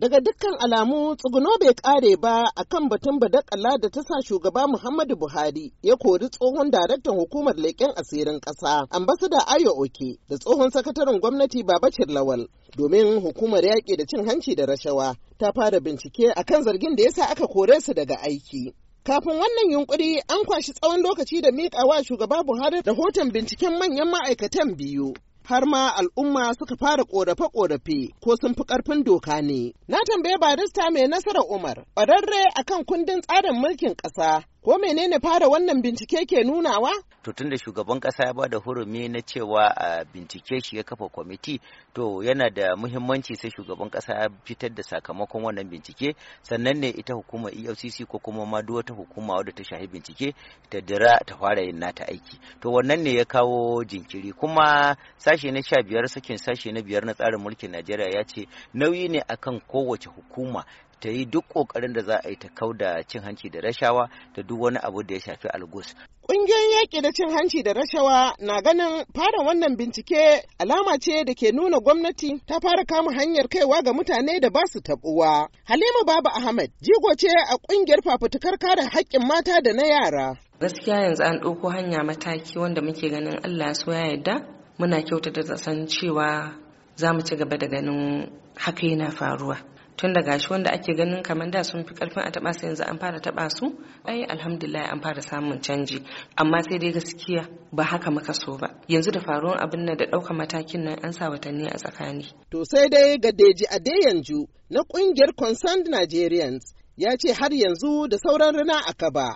Daga dukkan alamu tsuguno bai kare ba a kan batun badakala da ta sa shugaba Muhammadu Buhari ya kori tsohon daraktan hukumar leƙen asirin ƙasa, ambasada Ayo Oke da tsohon sakataren gwamnati Babacin Lawal, domin hukumar yaƙi da cin hanci da rashawa ta fara bincike a kan zargin da ya sa aka kore su daga aiki. Kafin wannan yunkuri an kwashi tsawon lokaci da miƙawa shugaba Buhari rahoton binciken manyan ma'aikatan biyu har ma al'umma suka fara ƙorafe korafe ko sun fi ƙarfin doka ne. Na tambaye barista mai nasarar Umar, ƙwararre akan kundin tsarin mulkin ƙasa, ko menene fara wannan bincike ke nunawa? to tunda shugaban kasa ya bada hurumi na cewa a bincike shi ya kafa kwamiti to yana da muhimmanci sai shugaban kasa ya fitar da sakamakon wannan bincike sannan ne ita hukumar EFCC ko kuma ma duk wata hukuma wadda ta shahi bincike ta dira ta fara yin nata aiki to wannan ne ya kawo jinkiri kuma sashe na sha biyar sakin sashe na biyar na tsarin mulkin Najeriya ya ce nauyi ne akan kowace hukuma ta yi duk ƙoƙarin da za a yi ta kau da cin hanci da rashawa da duk wani abu da ya shafi algus. Ƙungiyar yaƙi da cin hanci da rashawa na ganin fara wannan bincike alama ce da ke nuna gwamnati ta fara kama hanyar kaiwa ga mutane da ba su taɓuwa. Halima Baba Ahmed jigo ce a ƙungiyar fafutukar kare haƙƙin mata da na yara. Gaskiya yanzu an ɗauko hanya mataki wanda muke ganin Allah so ya yarda muna kyautata da san cewa za mu ci gaba da ganin haka yana faruwa. tun da gashi wanda ake ganin kamar da sun fi karfin a taba su yanzu an fara taba su ai alhamdulillah an fara samun canji amma sai dai gaskiya ba haka muka so ba yanzu da faruwar abin nan da ɗaukar matakin nan an sa watanni a tsakani to sai dai ga deji a yanzu na kungiyar concerned nigerians ya ce har yanzu da sauran rana a kaba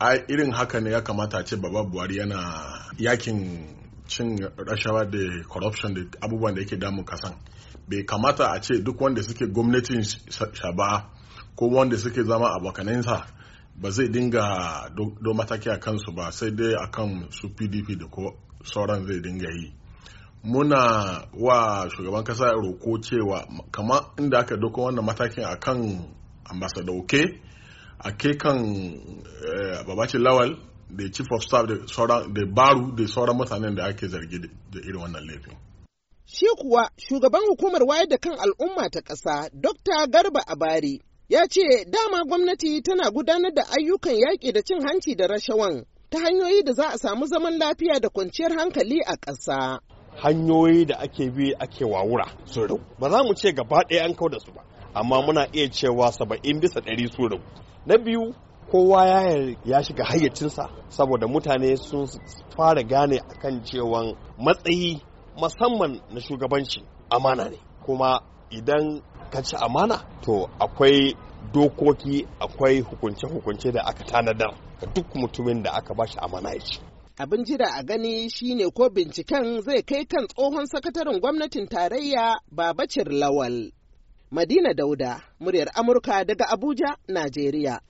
Ai, irin haka ne ya kamata ce baba buhari yana yakin cin rashawa da corruption da abubuwan da yake damun kasan bai kamata a ce duk wanda suke gwamnatin shaba ko wanda suke zama abokanansa ba zai dinga do mataki a kansu ba sai dai akan su pdp da ko sauran zai dinga yi muna wa shugaban kasa roko cewa kama inda aka doko wannan matakin a ambasada oke a ke kan eh, babacin lawal da chief of staff da sauran da baru da sauran mutanen da ake zargi da irin wannan laifin shi kuwa shugaban hukumar wayar da kan al'umma ta ƙasa dr garba abari ya ce dama gwamnati tana gudanar da ayyukan yaƙi da cin hanci da rashawan ta hanyoyi da za a samu zaman lafiya da kwanciyar hankali a ƙasa hanyoyi da ake bi ake wawura sun rau. ba za mu ce gaba ɗaya an kau da su ba amma muna iya cewa saba'in bisa ɗari sun rau. na biyu kowa ya ya shiga hayyacinsa saboda mutane sun fara gane kan cewan matsayi musamman na shugabanci amana ne kuma idan ka ci amana to akwai dokoki akwai hukunce-hukunce da aka tanadar da duk mutumin da aka shi amana ya ci abin jira a gani shine ko binciken zai kai kan tsohon sakataren gwamnatin tarayya babacir lawal madina dauda muryar amurka daga abuja najeriya